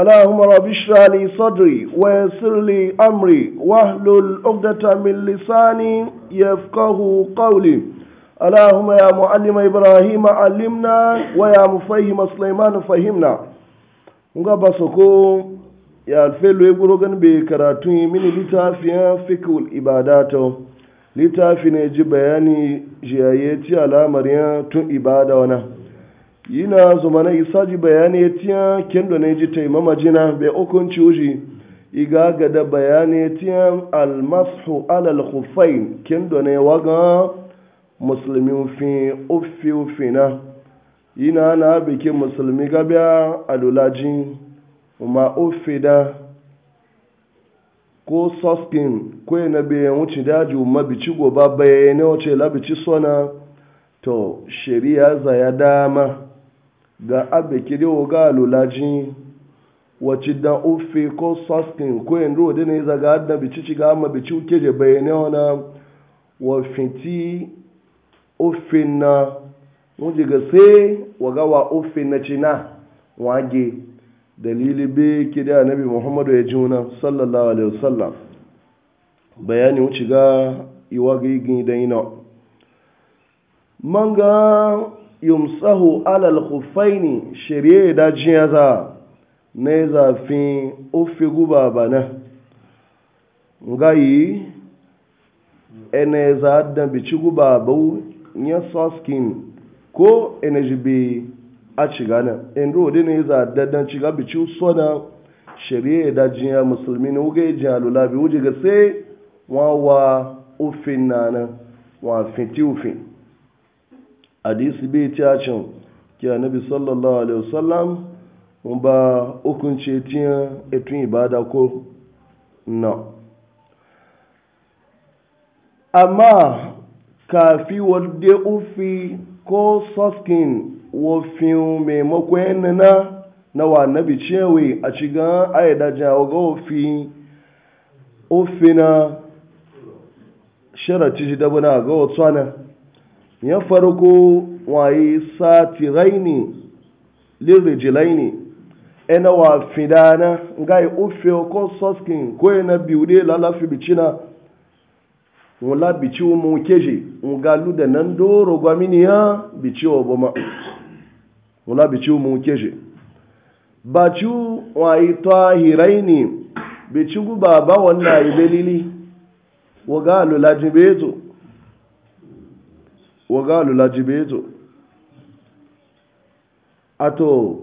اللهم رب اشرح لي صدري ويسر لي امري واحلل عقدة من لساني يفقه قولي اللهم يا معلم ابراهيم علمنا ويا مفهم سليمان فهمنا nga soko ya alfelo ya gan bai karatu mini littafin fikul ibadato littafi ne ji bayani jiyaye ci alamar tun ibada wana yina zuma na isaji bayani ya tiya kendo na taimama jina bai hukunci wuji iga gada bayani ya tiya almasu alal kendo na waga musulmi fi ufi ufi na yina na biki musulmi gabia alulaji ma ufi da ko soskin ko na be wuce daji mabici goba ne wace labici sona to shari'a za ya dama da abe o ga lulaji wacce da ofe ko sustain ko yin rode ne zaga adda bici ci ga amma bici uke je bayane ona wa fiti ofe na wuje ga sai waga wa ofe na cina wage dalili be kida annabi muhammadu ya juna sallallahu alaihi wasallam bayani wuce ga iwa ga igin dan ina manga yumsahu alal khuffaini shirye da jiya za na zafin ofe guba bana ngayi ene za da ci guba bau ya saskin ko ene jibi a ciga nan in rodi ne za da dan ciga bici sona shirye da jiya musulmi ne wuge jiya lulabi wuje ga sai wawa ofin na nan wa fiti ofin hadisi a cacin ki annabi sallallahu alaihi wasallam mun ba hukunce tiyan etun ibada ko na amma kafi wadda ufi ko soskin wofin maimako yanana na wa nabi cewe a cigan ayyadajen ga ofi ofi na sharaci shi dabana ga otu ya farko waye sati raini lirijilaini ena wa fidana yi ufe ko soskin ko e na biude lala fi bicina wala bici mu keje ngalu da nan doro gwamini ya bici oboma wala bici mu keje baci waye tahiraini bici guba ba wannan ibelili wa galu lajibeto wa waga lula jibezo ato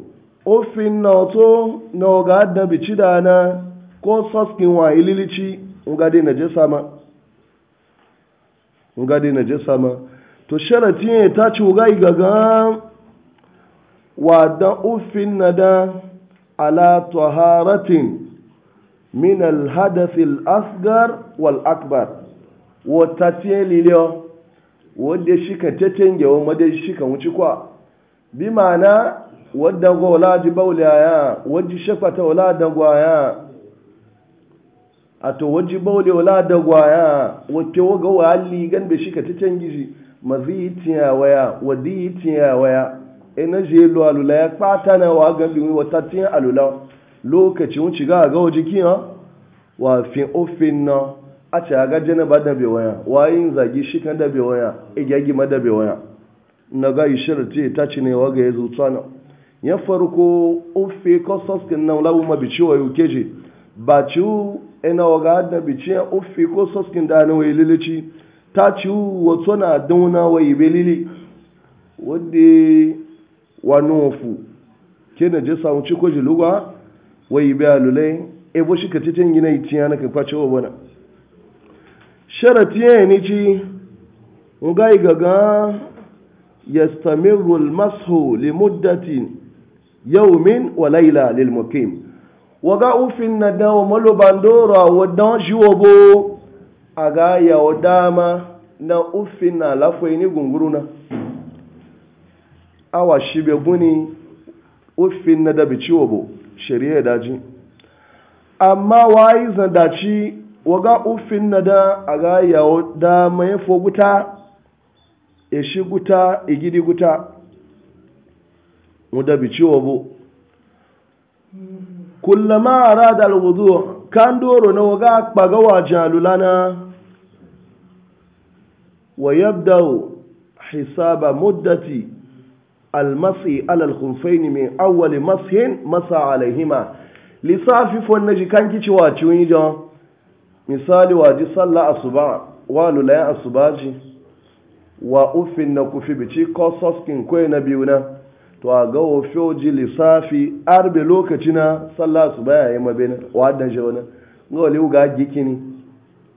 ofin na oto na waga adda bici da na ko saskin wa ililici ngade na je sama ngade na je sama to sharati ya ta ci ga igaga wa da ofin na da ala taharatin min alhadath al asgar wal akbar wa tatiyelilio wadda shi ka kan tattenge wadda shi ka wuce kwa bi ma'ana wadda ga wala ji baula ya wadda shafata wula da gwaya a to wadda baule wula da gwaya wadda waga wa halli gan bai shi ka tattenge shi mazi yi tiya waya wadda yi tiya waya ina je lo alula ya kpata na wa ga bi wata tiya alula lokacin wuce ga ga wajikin wa fi ofin na a ce a gaje na ba da bai waya wayin zagi shi kan da bai waya igyagi ma da bai waya na ga ishir ce ta ci ne waga ya zuwa na ya farko ofe kosos kin nan labu ma bici wa yuke je ba ci ina waga da bici ya ofe kosos kin da na wai lilici ta ci wato na dauna wai belili wadda wani ofu ke na je samu ci ko jiluwa wai bai alulai ebo shi ka titin gina itiya na ka kwace wa bana sharati ya ni ci ngai gaga yastamiru almashu li muddatin yawmin wa layla lil muqim waga ufin na dawo malo bandora wadan jiwobo aga ya wadama na ufin na lafai ni gunguruna awa shibe buni ufin na dabi ciwobo shari'a daji amma wa yi zandaci waga ufin na da a ga yawo da mai fo guta e shi guta e gidi guta mu da bici wa bu kullama arada alwudu kan doro na waga kpaga wa jalulana wa yabda hisaba muddati almasi ala alkhunfain min awwal mashin masa alaihima lisafi fo na kici wa ciwin misali waji sallah asuba wa lulayen ji, wa ufin na kufi bici kososkin kwai na biyu na to a ga wofoji lissafi arbe lokaci na sallah asuba ya yi mabe wa dan shi wani ga wali ga gikini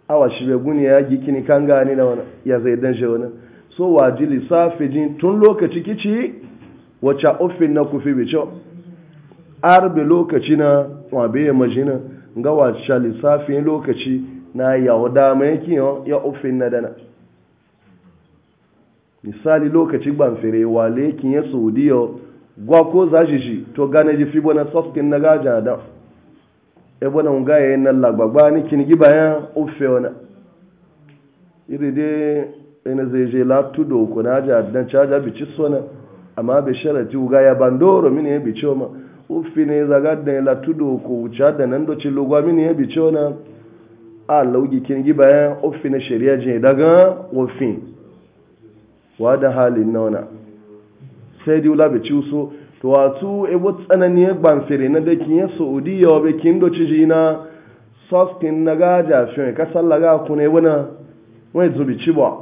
awa shi bai guni ya gikini kan gani na wani ya zai dan shi wani so waji lissafi jin tun lokaci kici wacce ufin na kufi bici arbe lokaci na wa bai majina ga wacce lissafin lokaci na yawo dama yake ya ofin na dana misali lokaci gbanfere wale yakin ya saudiya gwa ko zashi shi to gane ji fibo na soskin na gaja da ebo na nga yayin nan lagbagba ni kinigi ya ofe wani iri dai ina zai je latu do ko na ja dan caja bici sona amma bai sharati uga ya bandoro mini ya bici ma ufine ne zaga da la tudo ko wuce da nan chilo lugwa mini ya bice a laugi kin gi bayan ufi shari'a jin daga wofin wa da halin nauna sai di wula bici so to wato ebo na da kin ya saudiya wa bikin doci jina soskin na gaja fiye kasar laga kuna wana wani zubi ci ba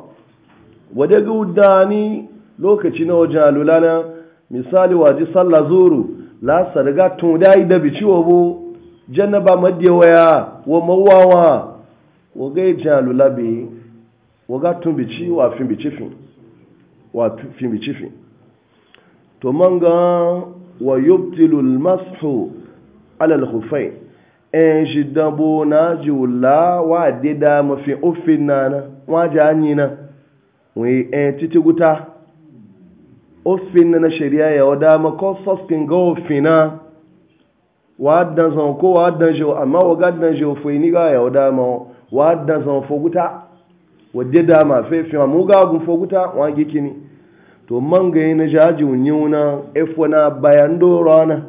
wadda ga wudani lokaci na wajen alulana misali waje sallah zuru la sarga tun da yi da bici wa bo jannaba madiya waya wa mawawa wa ga yi jan alula bi wa ga tun bici wa fin bici fin wa fin bici fin to man wa yubtilu almashu ala alkhufay en shi dabo na ji wula wa dida mafi ofin na wa ji anyi na wai en titi guta ofin na shari'a ya wada mako soskin ga ofina wadda zan ko wadda jo amma wa dan jo fo ni ga ya wada ma wadda zan foguta wadde da ma fe fi mu ga gun foguta wa gikini to man ga yana jaji unyuna na e bayan do rana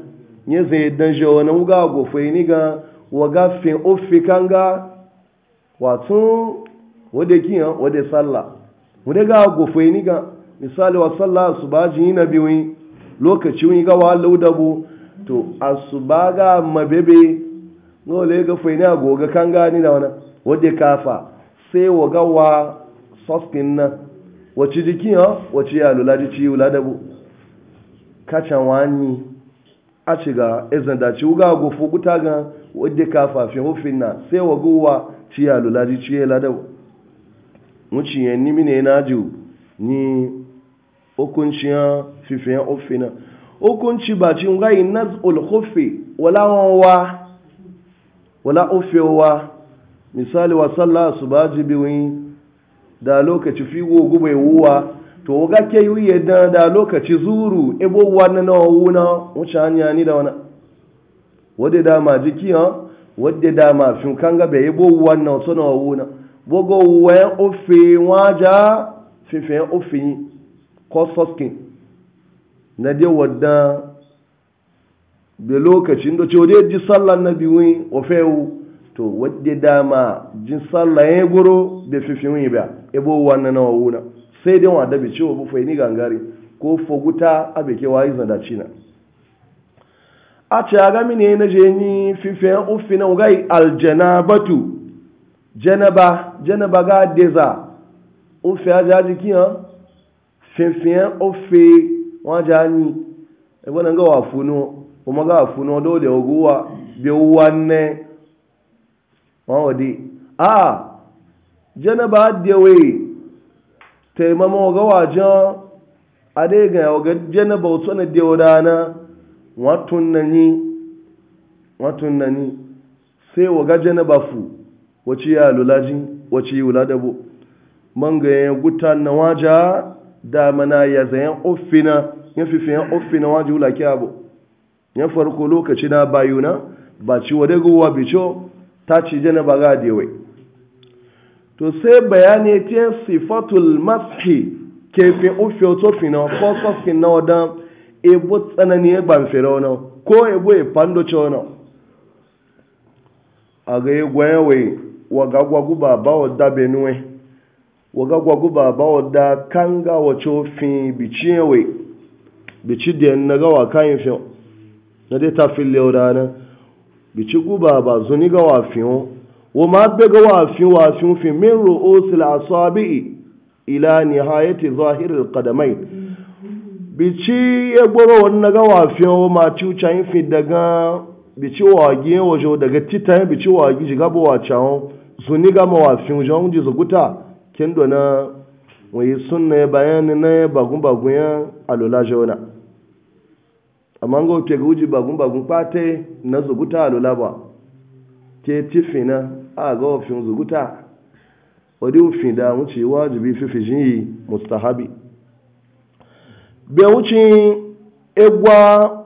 nye zai dan jo na uga go foi ni ga waga fin kanga watun wode kiyan wode sallah wode ga go ni ga misali wa sallah su ba ji yi na biyu lokaci wani gawa laudabu to a su ba ga mabebe nole ga faini a goga kan gani da wani wadda kafa sai wa gawa soskin na wacce jiki ha wacce ya lula ji ci lula dabu kacan wani a ci ga izin da ci wuga gofu guta ga wadda kafa fi hufin na sai wa gowa ci ya lula ji ci lula dabu wuce yanni mine na ji ni hukuncin fifiyan ofina okunci ba cin gai naz'ul khuffi wala wa wala ofe wa misali wa sallah su ba jibiwi da lokaci fi figo gube wuwa to ga ke yi yadda da lokaci zuru ebo wa na na wuce hanya ni da wani wadda da ma jiki ha wadda da ma fin kan ga bai ebo na wuce na na bogo wuwa ya ofe waja fifiyan ofe. yi kososkin na dai wadda da lokacin da cewa ji sallar na biyun fewu to wadda dama ji sallan ya goro da fifin ba ebo wanne na wawuna sai dai wadda bai cewa bufa faini gangare ko foguta a kewa yi zanda cina a ce a gami ne na je ni fifin ufi na wugai aljanabatu janaba janaba ga deza ufi a jaji kiyan fenfen ofe wọn jẹ anyi ẹgbẹ́ náà ń gọ́wà fúnú ọmọ fúnú ọdọ́ wa bí ó ah! wà nẹ́ dé a jẹ́nẹ́bà dẹ̀wé tẹ̀mọ́mọ́ wa jọ adégan ọgọ́ ọ̀tọ́ ní dẹ̀wọ́ dáná wọ́n tún sai na dama na ya zayen ofina ya fiye ofina wajen wula kyabo ya farko lokaci na bayuna ba ci wa dagowa bicho ta ci jana ba gadewai to sai bayani ta sifatul mashi kefin ofe oto fina ko sofin na wadan ebo tsanani ya gbanfere wani ko ebo ya pandoce wani a ga yi gwayewa wa gagwagu ba ba wa dabe nuwe waga gwaguba ba wadda ga wace ofin bici yawe bici da na gawa kayan fiye na dai ta fi leura na bici guba ba zuni gawa fiye wa ma be gawa fiye wa fiye fi min ru'usil asabi ila nihayati zahiril kadamai bici ya gboro wannan gawa fiye wa ma yin fi daga bici wage waje daga titayen bici wage shiga ba wacan zuni gama wa fiye jizo guta. kendo na wai sunna ya bayani na ya bagun bagun ya alola jona amma ga wuce ga wuji bagun bagun fate na zuguta alola ba ke tifina a ga wafin zuguta wadi wufin da wuce wajibi fifijin yi mustahabi bai wuce egwa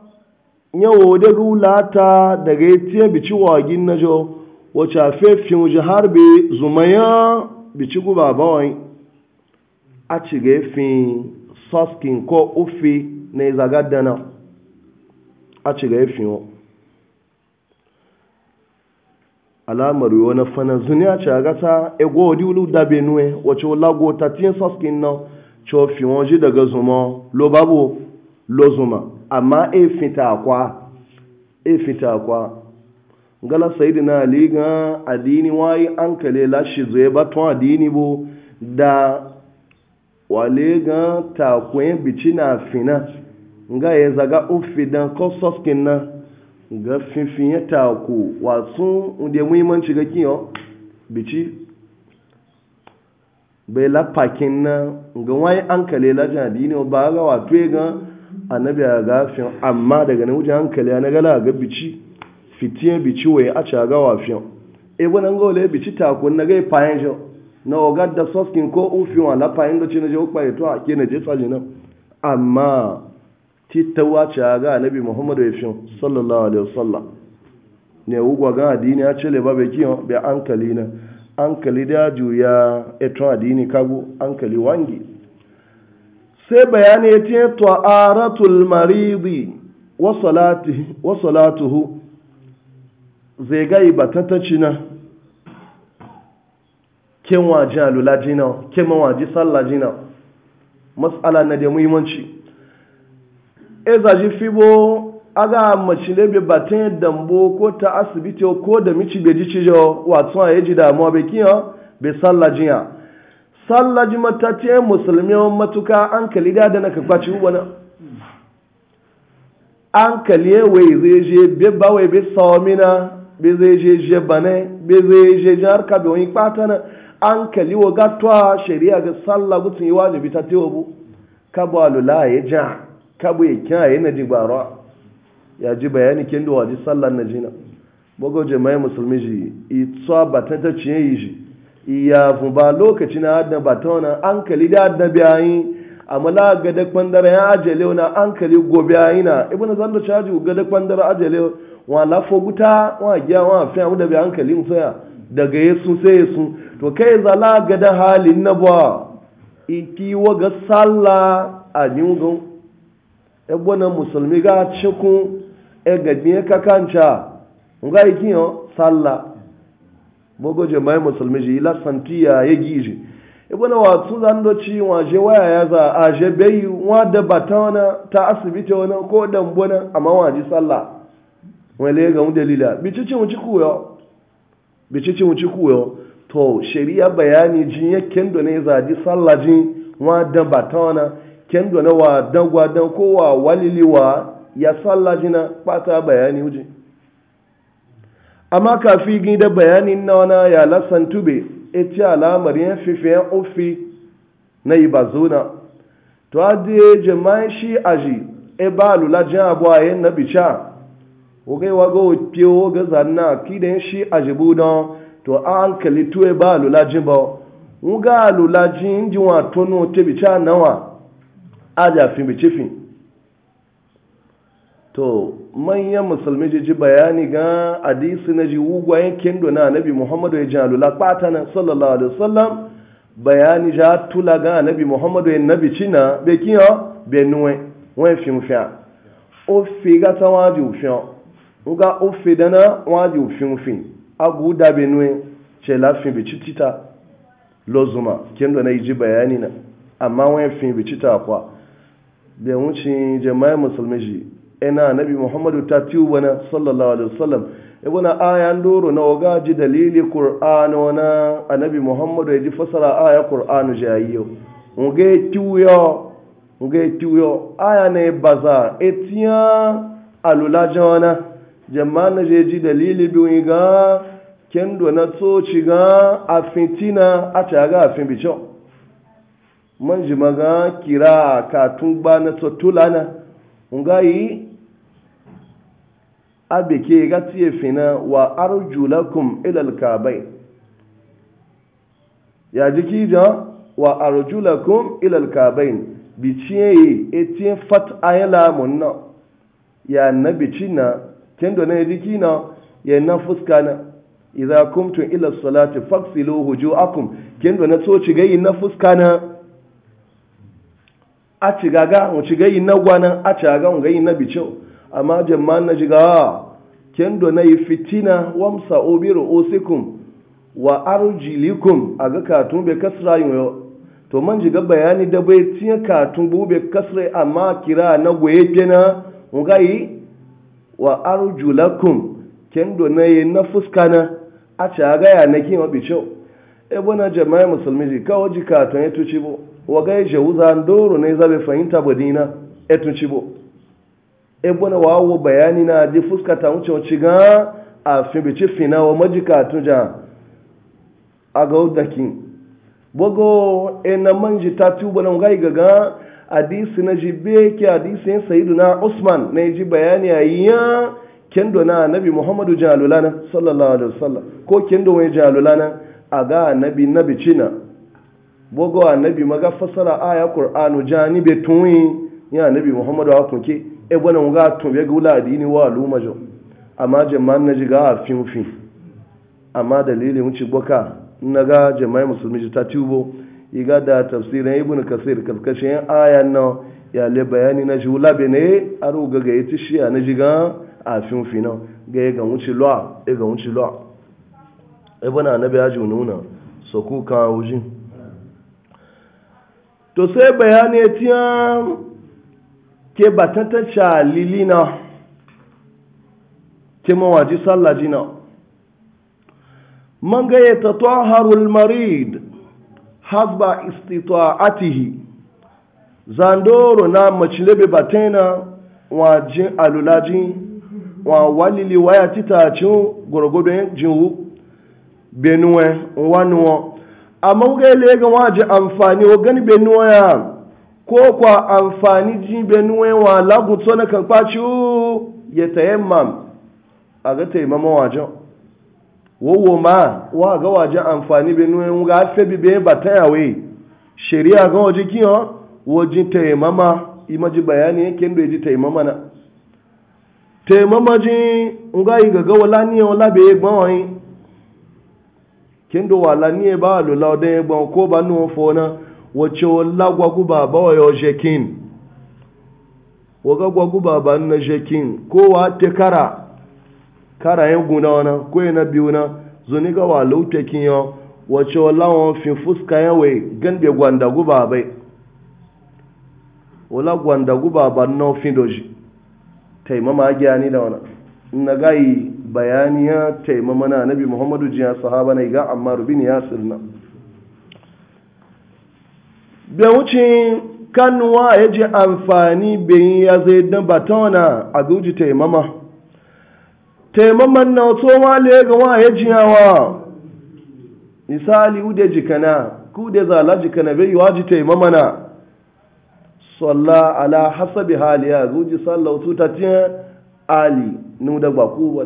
yawo da lulata daga ya tiye bici wagin na jo wacce fefin wuce harbe zumaya bici guba bawai a ci ga fi soskin ko ufi na izagaddana a ci ga fi wa alamar yiwu na fana zuniya ce a gasa ego odiulu da benue wace lago 13 soskin na cofi wọn ji daga zuma lo babu lo zuma amma e ta akwa e ta akwa gala sayidi na ali ga adini wayi an kale lashi zoye ba tun adini bo da wale ga takwen bici na fina nga ya e zaga ufi dan kosos na ga finfin ya e taku wasu da muhimmanci ga kiyo bici bai lafakin na ga wayi an kale lashi adini ba ga wato ga annabi a gafin amma daga na wuce hankali na gala ga bici fitiye bici waye a caga wafiyan e wani an gawale bici takun na gai fayin shi na ogar da soskin ko ufin wala fayin da cinaje hukpa ya ake na je tsaji nan amma titawa caga nabi muhammadu ya fi sallallahu alaihi wasallam ne ugwa ga adini a cele ba bai kiyon bai ankali na ankali da juya eton adini kago ankali wangi sai bayani ya maridi wa salatuhu zai gai ba tattaci na ken waje alula jina ken mawaji sallah jina matsala na da muhimmanci e zaji fibo aga macile bai batun dambo ko ta asibiti ko da mici bai ji cijo wato a yaji damuwa bai kiyan bai sallah ya sallah ji matace musulmi matuka an kali da da na kakwaci wani an kaliye wai zai je bai bawai bai sawamina be zai je je bane be zai je je harka bi wani kpata na an kali wa a shari'a ga sallah gutun yi wajibi ta tewa bu kabo alula ya ja kabo ya kya ya na jibara ya ji bayani kin da waji sallah na jina bogo jama'i musulmi ji itsa batan ta ciye yi ji iya fun ba lokaci na adna na an kali da adna biyayi amma la ga gada kwandara ya ajele na an kali gobe ayina ibnu na chaji ga da kwandara ajele wa lafo guta wa gya wa fi abu da bi hankalin soya daga yesu sai yesu to kai zala ga da halin na ba iki wa ga salla a nyugo e bona musulmi ga ciku e ga biye ka kanca nga iki yo salla bogo je mai musulmi ji la santiya ye giji e bona wa su zan do ci wa je waya ya za a je bayu wa da batana ta asibiti wani ko amma wa ji sallah wale ga mu dalila bicicin wuci kuyo to shari'a bayani jin ya kendo ne zaji sallaji wa dan batana kendo na wa dan gwa dan ko wa waliliwa ya sallaji na kwata bayani wuji amma kafi gida bayanin na wana ya lasan tube eti alamar yan fifiyan ofi na ibazona to adi jama'in shi aji e ba lula jin abuwa yin na bicha oge waga wafe waga zanna kidan shi a jibu don to an kali tuwe ba lulajin ba nga lulajin ji wa tono te bica nawa aja fi bice fi to manyan musulmi ji bayani ga hadisi na ji wugwayen kendo na nabi muhammadu ya ji alula kpata na sallallahu alaihi wasallam bayani ja tula ga nabi muhammadu ya nabi cina be kiyo be nuwe wen fi mfiya o fi ga tawaji ufiyan nga ofe dana waji ofin ufin abu da benue ce lafin bicitita lozuma kendo na ji bayani na amma wani fin bicita kwa da wuce jama'i musulmi ji na nabi muhammadu ta tiyu wani sallallahu alaihi wasallam ibuna e ayan doro na waga ji dalili qur'ano na anabi muhammadu ya e ji fasara aya qur'anu jayiyo nge tiyo nge tiyo aya ne baza etiyan alulajan na jama na je ji dalili biyu ga kendo na tsoci ga a fitina a caga a fin bicin man ji maga kira katun ba na tsottula na nga yi abe ke ga tiye fina wa arjulakum ilal kabai ya ji jan wa arjulakum ilal kabai biciye etiye fat ayala na ya na bicina kendo na jiki kina ya na fuska na idza kumtu ila salati faghsilu wujuhakum kendo na so gayin na fuska na a gaga mu gayin na gwana a gaga mu gayin na bicho amma jama'an na jiga ah, kendo na yi fitina wamsa ubiru usikum wa arjilikum a ga katun bai kasra yin to man jiga bayani da bai tiya katun bube bai kasra amma kira na goye kenan mu gayi wa arjulakum kendo na yi na fuska na a ci a gaya na kin wa bicau e bona jama'a musulmi ji kawo ji katon ya tuci e bo wa ga e je wuza ndoro ne zabe fahimta bodina e, e tuci bo e na wa wo bayani na ji fuska ta wuce wuce ga a fi bici fina wa majika tuja a ga udakin bogo e na manji ta tuba na ga gaga hadisi na jibbe ke hadisi ya sayidu na usman na ji bayani a ya kendo na nabi muhammadu jalulana sallallahu alaihi wasallam ko kendo mai jalulana a ga nabi nabi cina bogo a nabi maga fasara aya qur'anu janibe tuwi ya nabi muhammadu a kunke e bana ga tumbe be gula adini wa lumajo amma jama'an na ji ga fin fin amma dalilin wuce boka na ga jama'i musulmi ta tubo iga da tafsirin ibn kasir karkashin ayan nan ya le bayani na jula bene aru gaga yati shiya na jiga a fin fina ga ga wuce lo e ga wuce lo e bana na biya nuna so ku ka wujin to sai bayani tiya ke batata cha lilina ke mawaji sallaji na man ga yata marid hasba istita'atihi zandoro na macilebe batena wa jin alulaji wa walili waya tita cin gwargwado jinwu benuwe wanuwa amma kuka yi lega waje amfani wa gani benuwa ya ko kwa amfani ji benuwe wa lagunto na kan kwaci ya tayammam a ga taimama wajen wowo ma wa ga waje amfani be nu ga fe bi be bataya we sheria ga waje kiyo waje te mama imaji bayani ken do ji te mama na te mama ji nga yi ga wala ni wala be gbon yin ken wala ni ba lo la de gbon ko ba nu fo na wace wala gwa ku baba wa yo jekin ga gwa ku baba na jekin ko wa te kara kara yin guna wana ko na biyu na zuni ga wa lauta kinyo wace wala wa fi fuska yawai gande gwanda guba bai wala gwanda guba ba na fi doji taimama gyani da wana na gayi bayani ya taimama na nabi muhammadu jiya sahaba na ga amma rubin ya sirna bai wuce kanuwa ya ji amfani bayan ya zai dan batona a zuji taimama taimaman na wato wale ga wa ya jiyawa misali ude jikana ku da zala jikana bai yi waji taimamana sallah ala hasabi haliya zuji sallah wato ta tiya ali ni da ba ku ba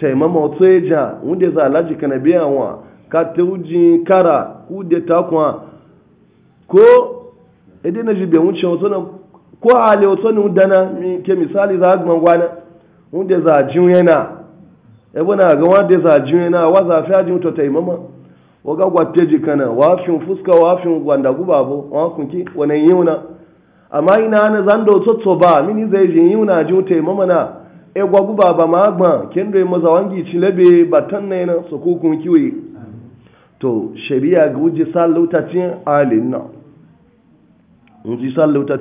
taimama wato ya ja ude zala jikana bai yawa ka ta uji kara ku da takwa ko idan na jibe wuce wato na ko hali wato ni dana ke misali za a gwana wanda za jin yana ebe na ga wanda za jin yana wa za fi ajin to taimama wa ga gwatte jikana wa fi fuska wa fi gwanda gubabo wa kunki wani yiuna amma ina na zando tsotso ba mini zai jin ji jin taimama tota na e gwa gubaba ma gba kendo maza wangi cilebe batan ne na sokukun kiwi to shari'a ga sallauta cin alin na sallauta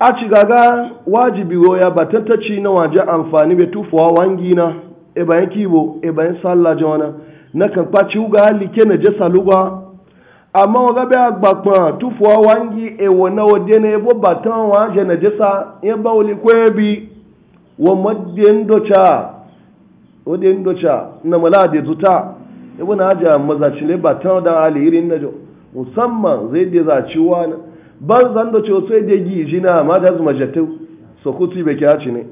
a ci gaga wajibi ya batan ta ci na waje amfani bai tufuwa wangi na e bayan kibo e bayan sallah jona na kan kwaci uga like na je saluga amma waga bai agbapon tufuwa wangi e wana wade na yabo batan waje na sa ya ba wuli kwebi wa madiyan doca wadiyan doca na mala de zuta yabo na aja mazaci batan da alihirin na jo musamman zai da zaciwa na ban zan da cewa sai dai gizi na ma da zuma jatu so kuti be haci ne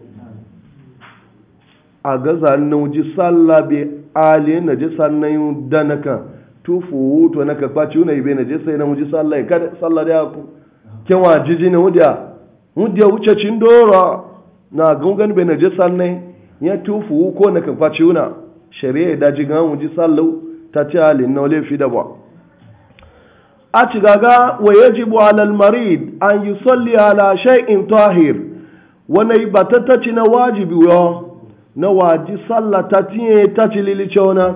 a ga zannu ji salla be ali na ji sannan da naka tufu to naka kwaci na ibe na ji sai na mu ji salla ka salla da ku ken wa jiji ne wudiya wudiya wuce cin dora na gungan be na ji sannan ya tufu ko naka kwaci na shari'a da ji ga mu ji sallau ta ci ali na ole fi da ba a ci gaga wa yajibu alal marid an yi salli ala shay'in tahir wani ba ta taci na wajibi yo na waji sallah ta tiye ta ci lilicona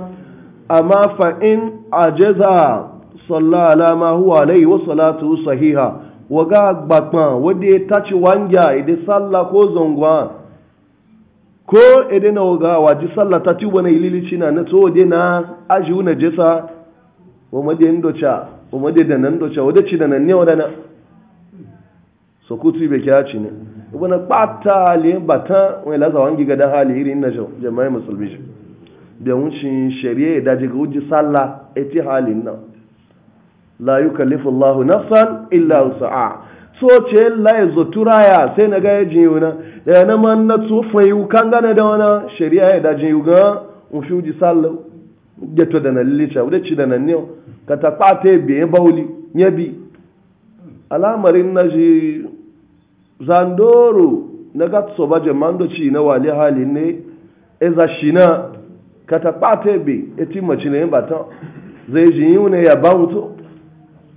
amma fa in ajaza salla ala ma huwa alai wa salatu sahiha wa ga gbagban wadda ta ci wanja idan sallah ko zongwa ko idan na ga waji sallah ta ci wani lilicina na tso na ajiyu na jesa wa madin docha kuma da da nan doce wadda ci da nan ne wadda na so bai kya ci ne wani kpata le bata wani lasa wangi ga dan hali irin na shi jama'i musulmi shi da wucin shari'a da daga wuji sallah eti halin nan la yukallifu na san illa wusa'a so ce la ya zotura ya sai na ga ya yiwu e na. da yana man na tsofa yiwu kan gane da wani shari'a ya daji yiwu yuga in fi wuji sallah da to da nan licha wadda ci da na ne ka ta bi e bauli nye bi alamarin na shi zandoro na gatso ba jamando ci na wali hali ne eza shi na ka ta bi eti mace ne e ba ta zai ji yi ne ya ba mutu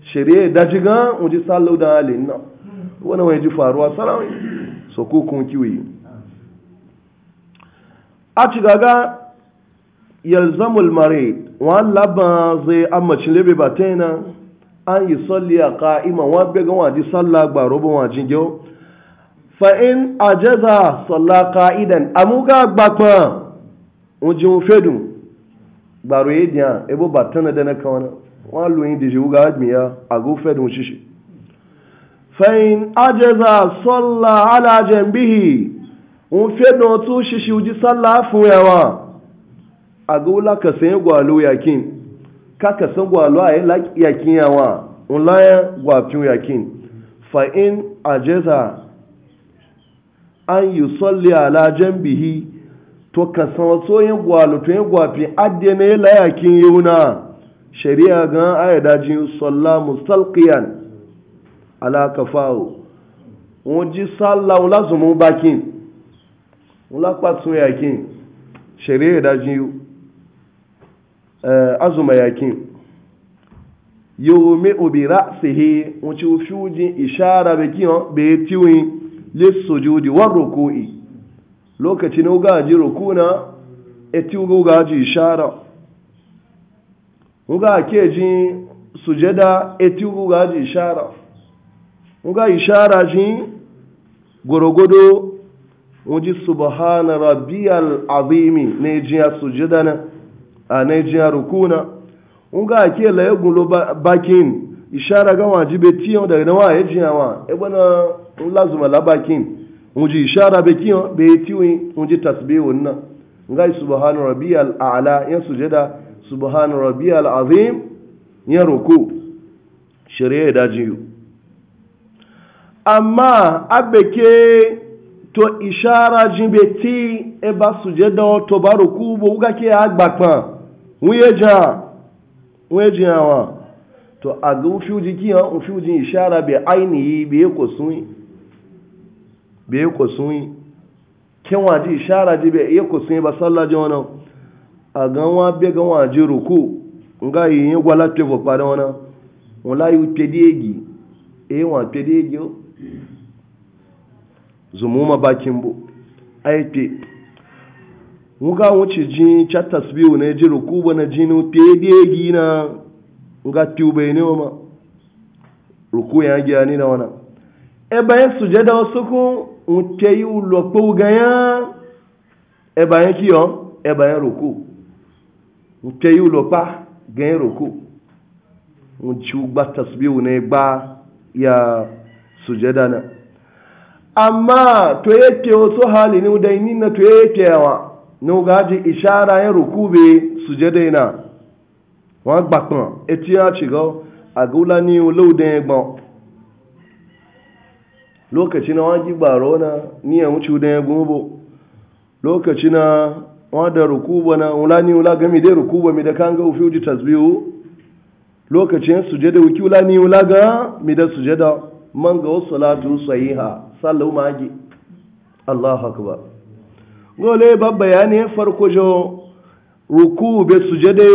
shari'a e da ji gan uji sallau da halin na wani wani ji faruwa sarawai so ko kun kiwi a ci gaga yalzamul mare wa laba zai ammaci lebe ba ta yana an yi salli a ka'ima wa bega waji salla gba roba waji gyau fa in ajaza salla ka'idan amuga gbakpa ujin fedu gbaro yi e diya ebo ba tana da kawana wa luyin da jiwu ga admiya a go fedun shishi fa in ajaza salla ala jambihi un fedu tu shishi a ga wula ka sanya gwalo yakin ka ka san gwalo a yi yakin yawa unlayan gwafin yakin fa in ajeza an yi salli ala jambihi to ka san wasu yin gwalo to yin gwafin adde na yi layakin yuna shari'a gan aya daji salla mustalqiyan ala kafawo wọn ji salla wula zumu bakin wula kwatsun yakin shari'a dajin yuna Eh, azuma yakin yawmi ubira sihi wuce fujin ishara be kiyon be tiwi lissujudi war ruku'i lokaci ne ga ji rukuna eti ga ji ishara ga ke ji sujada eti ga ji ishara ga ishara ji gorogodo wuji subhana rabbiyal azimi ne ji sujada na a nigeria rukuna nga ke la ya gulo bakin ishara ga wajibe tiyo daga na waye jiyawa e bana lazuma la bakin unji ishara be kiyo be tiwi unji tasbihu na nga subhana rabbiyal a'la ya sujada subhana rabbiyal azim ya ruku shari'a da jiyu amma abeke to ishara jibeti e ba sujada to ba ruku bo ga ke agbapan nwunye ji ha nwunye ji ha wa to a ga ufi uji kiya ufi uji ishara bi ainihi bi ko sunyi bi ko sunyi kenwa ji ishara ji bi ko sunyi ba sallah ji wana a ga wa be ga wa ji ruku nga yi yin gwala te fo pare wana wala yu pedi egi e wa pedi egi o zumuma bakimbo ai pedi nga wuce ji cha na eji rukuba na ji nu te die gi na nga tiube ne ma ruku ya gi ani na wana e bayan sujada wasu ku mute yi ulo po ga ya e bayan kiyo e bayan ruku mute yi ulo pa ga ya ruku mci gba tasbihu ne ya sujada na amma to yake wasu hali ni da ni na to yake wa ní oga ji ishara ya rukube sujede na wọn gbàgbọ́n etí á ṣìgọ́ ni ní olóòdẹ ẹgbọ́n lokaci na wọn gbàrọ́ na ní ẹ̀hún ti ọdẹ ẹgbọ́n bò lokaci na wọn da rukuba na wula ní wula gami dai rukuba mi da kan ga ofi uji tasbihu lokacin sujede wiki wula ní wula ga mi da sujeda man ga wasu salatu sahiha sallu magi Allahu akbar ngole ba bayani farko jo ruku be sujade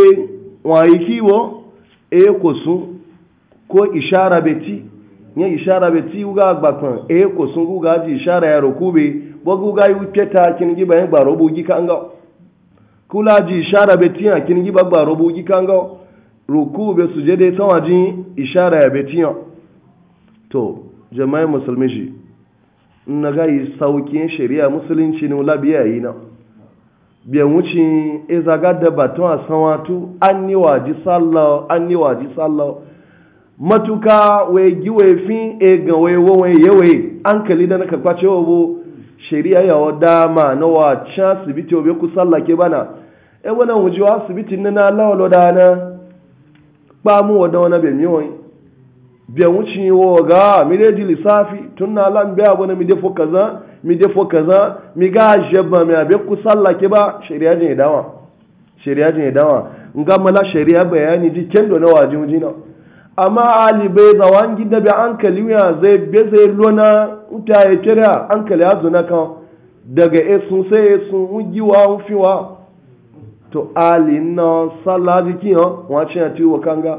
wa kiwo e ko sun ko ishara be ti nye ishara be ti uga agba e ko sun uga ji ishara ya ruku be bo uga yu peta kin gi bayan gbaro bu gi kanga kula ji ishara be ti kin gi ba gbaro bu gi kanga ruku be sujade tawaji ishara ya be to jama'a musulmi shi na ga yi saukin shari'a musulunci ne wula biya yi na biyan wuce e zaga da batun a sanwatu an ni waji sallau an ni waji sallau matuka wai gi wai fi e ga wai wawai yawai an kali da na kwace cewa bu shari'a ya wa dama na wa cha sibiti obe ku sallah ke bana e wannan wuji wa sibiti na na lawlo da na ba wa da wani bi mi wani bai wuce wa ga mi reji lissafi tun na lan biya bane mi defo kaza mi defo kaza mi ga jabba mi abe ku sallake ba shari'a jin dawa shari'a jin dawa nga mala shari'a bayani ji kendo na wajin jina amma ali bai zawan gida bi ankali wiya zai be zai lona uta ya kira ankali ya zuna kan daga esu sai esu giwa ufiwa to ali na sallaji kiyo wa cin ati kanga.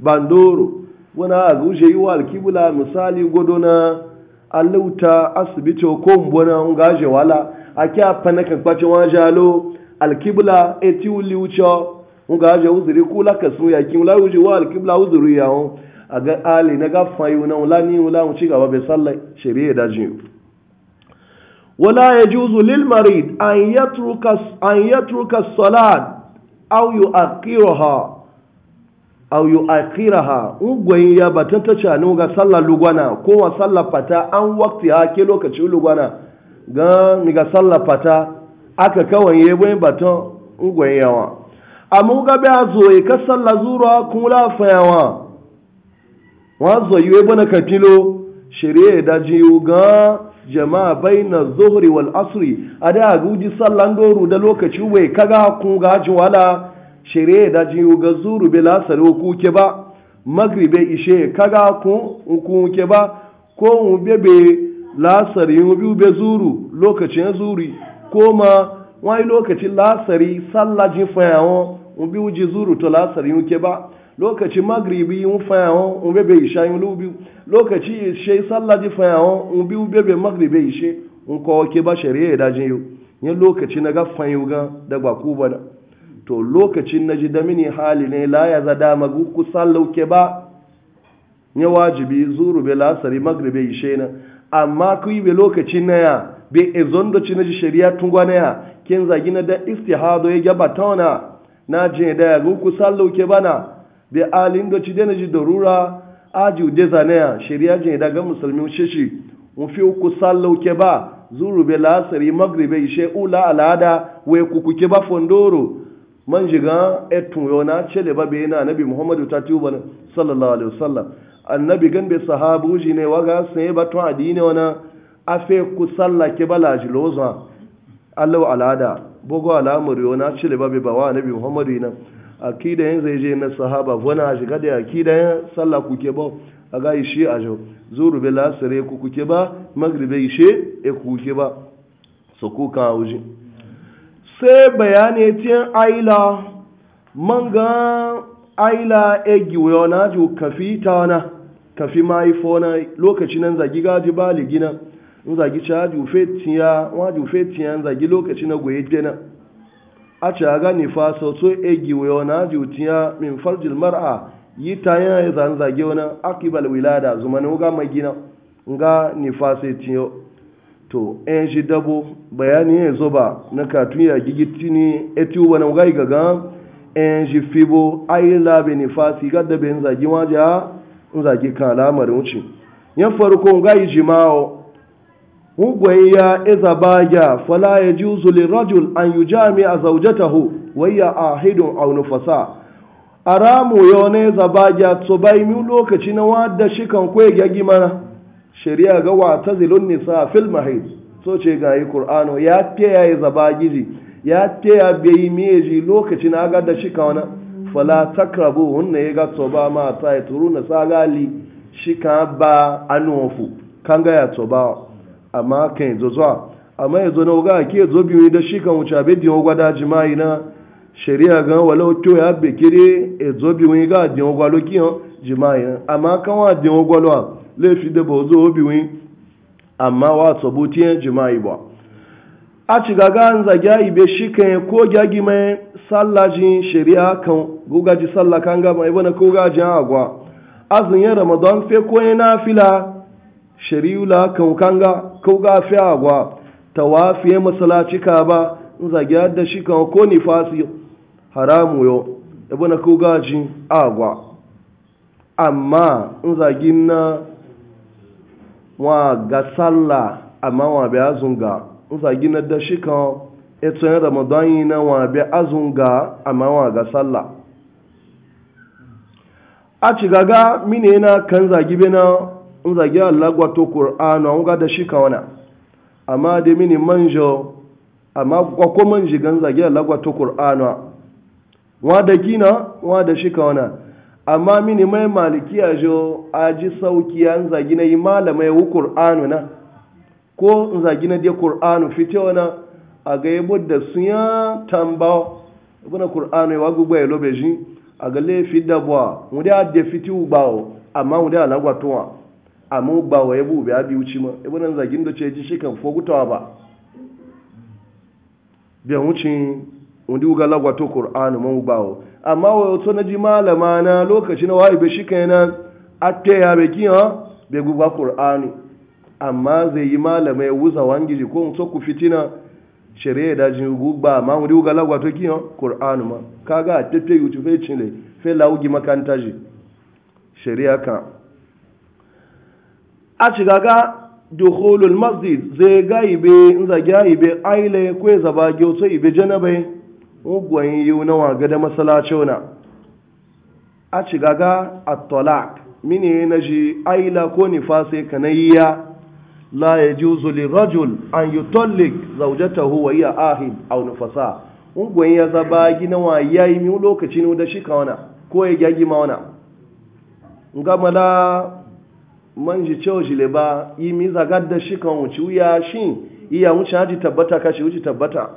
bandoro wani a yi wa alkibula misali godo na alauta asibiti ko mbona ngaje wala aki apana kan kwace wa jalo alkibla eti uli ucho ngaje uzuri kula kasu ya kin la uji wa alkibula uzuri ya on aga ali na gafa na ula ni ula unchi gaba be sallai shari'a da jin wala yajuzu lil marid an yatruka an yatruka salat aw yu'akhiraha au yu akhiraha ugwayin ya batun ta cani ga sallar lugwana ko wa sallar fata an wakti ha ke lokaci lugwana ga ni ga sallar fata aka kawai ya bai batun ugwayin yawa amma ga ba zo ya ka sallar zuwa, kun lafa yawa wa zo yi bai ka katilo shari'a da jiyu ga jama'a baina zuhri wal asri ada guji sallan doru da lokaci wai kaga kun ga wala shirye da ji ga zuru be ku ke ba magribe ishe kaga ku ke ba ko mu bebe lasari mu u be zuru lokacin zuri ko ma wani lokacin lasari sallah jin u mu u ji zuru to lasari mu ke ba lokaci magribi mu yawo mu bebe isha mu bi lokaci ishe sallah jin fayawo mu u bebe magribe ishe mu ko ke ba shari'a da ji yo ne lokaci na ga fayu ga da ba ku ba to lokacin na ji damini hali ne la ya zada magu kusan lauke ba ya wajibi zuru be lasari magribe yi na amma kuyi be lokacin na ya be ezon da na ji shari'a tun na ya kin zagi na da istihado ya gaba tauna na je da ya guku lauke bana be alin doci da na ji darura uje zane ya, shari'a jin da ga musulmi shishi mu fi kusan lauke ba zuru be lasari magribe ishe ula alada we kukuke ba fondoro man jiga etun yo na cele ba be na annabi muhammadu ta tuba sallallahu alaihi wasallam annabi gan be sahabu ji ne waga sai ba to adini wana afe ku sallake bala Allah allahu alada bogo alamur yo na cele ba be ba wa annabi muhammadu ina akida yin zai je na sahaba wana shiga da akida yin sallah ke ba a ga ishe a jau zuru be lasare ku kuke ba magribe ishe e kuke ba so ku ka wuji sai bayani tiyan aila man ga aila egi na ju kafi tana kafi mahaifona lokaci nan zagi gaji baligi na zagi ca jufe tiya wa jufe tiya zagi lokaci na goye dena a ca ga nifa soso egi na ju tiya min farjil mar'a yi ta yana zan zagi wani akibal wilada zuma ne ga gina nga nifa sai tiyo to en eh, shi dabo bayani ya zo ba na katun ya gigiti ne eti na wuga gaga en eh, shi fibo ayi labe ne fasi ga dabe in zagi waje in zagi kan alamar wuce yan farko ga yi jima'o hugwai ya iza ya fala ya ji uzuli rajul an yi jami a zaujatahu wayya a hidun aunufasa aramu yau ne zabaya tsobai mu lokaci na wadda shi kan kwe gyagi mana shari'a ga wa ta zilun nisa fil mahid so ce ga yi qur'ano ya ke ya yi zaba giji ya ke ya bai meji lokaci na ga da shi ka wani fala takrabu hunna ya ga toba ma ta yi turu na sagali shi ka ba anofu kan ga ya toba amma kan yi zuwa amma ya zo na ga ke zo biyu da shi kan wuce abin diyo gwada jima'i na shari'a ga walau to ya bekere e zo biyu ga diyo gwalo kiyon jima'i amma kan wa diyan gwalo laifi da ba zo biwi amma wa sabutiyan jima'i ba a ci gaga an zagya ibe shi kan ko gyagi mai sallajin shari'a kan gugaji sallah kan gama ibe na ko gajin agwa azun yin ramadan fe ko na nafila shari'ula kan kanga ko ga fe agwa tawafiye masalaci ka ba in zagya da shi kan ko nifasi haramu yo ibe na ko gajin agwa amma in zagin na wa ga sallah amma wa bi azunga usa gina da shi kan eto yin ramadan yi na wa bi azunga amma wa ga sallah a ci gaga mini yana kan zagi bena in zagi Allah gwato Qur'anu an ga da shi kan wana amma da mini manjo amma kwakwa manji gan zagi Allah gwato Qur'anu wa da gina wa da shi kan wana amma mini mai a jo a ji sauki ya zagi na yi malamai wu ƙur'anu na ko in zagi na dai ƙur'anu fito na a ga yi budda su ya tambawa na ƙur'anu ya gbogbo ya lobe shi a ga laifi da buwa mu da da fiti bawo amma mu da alagwatuwa amma bawo ya e bu ya bi wuci ma na zagi da ce ji shi kan fogutawa ba biyan wuci wani wuga lagwato ƙur'anu man bawo amma wato na ji malama na lokaci na wa'ibe shi kenan ta ya be kiyan bai guba ƙur'ani amma zai yi malama ya wuza wangiji ko mutu ku fitina shari'a da jin guba ma mu duga lagwa to kiyan ƙur'ani ma kaga tattai yutu fe chile fai laugi makanta ji shari'a ka a shiga ga dukholul masjid zai ga ibe in zagi ga ibe aile ko za ba gyauto ibe janabai ugwan yiwu na waga da masalacin na a ci gaga a tolak mini na ji aila ko nifasa ka na yi ya. la ya ji zuli rajul an yi tolik zaujata huwa iya ahid a nufasa ugwan ya zaba gina wa ya yi mi lokaci ne da shi ka wana ko ya gyagi ma wana gama da man ji cewa shi ba yi mi zagar da shi kan wuce wuya shi iya wuce haji tabbata kashi wuce tabbata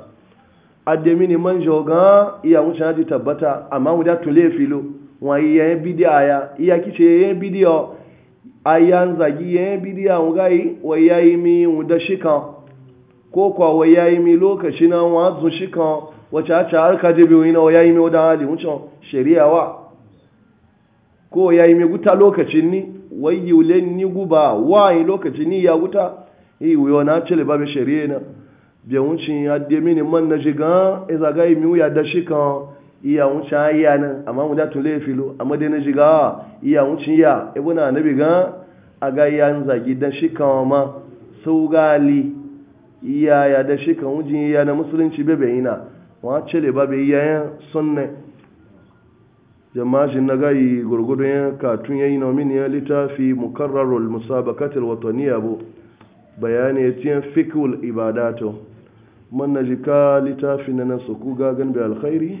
ni man jogan iya mu chanaji tabbata amma mu da le filo wa iya bidiya ya iya kice yen bidiyo ayan zagi yen bidiya mu gai wa iya mi mu da shikan ko kwa wa iya mi lokaci na wa zu shikan wace cha har harka jibi wani na wa yayi mi wadan hali wucin shari'a wa ko iya mi guta lokacin ni wayi ule ni guba wa yi lokacin ni ya guta yi wona na cile ba mai shari'a na biya wucin ya de mini man na jiga gan ga mi ya da shi kan iya wucin ya nan amma mu da tun le filo amma de na jiga iya wucin ya ibuna e bi gan aga ya zagi da shi kan ma saugali iya ya da shi kan wujin ya na musulunci bebe ina wa cele ba be iya sunne shi na gayi gurgudun katun yayi na min ya littafi mukarrarul musabaqatil watani abu bayani ya tiyan fikul ibadato man na jika littafi na nasu ku gagan da alkhairi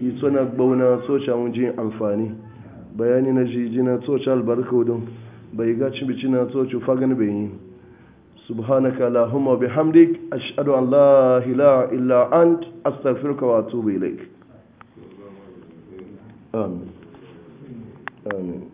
yi suna gbauna tsoca wujin amfani bayani na jiji na tsoca albarka wudin bai ga bici na tsoci fagan bai yi subhanaka allahumma bihamdik ashhadu an la ilaha illa an astaghfiruka wa amin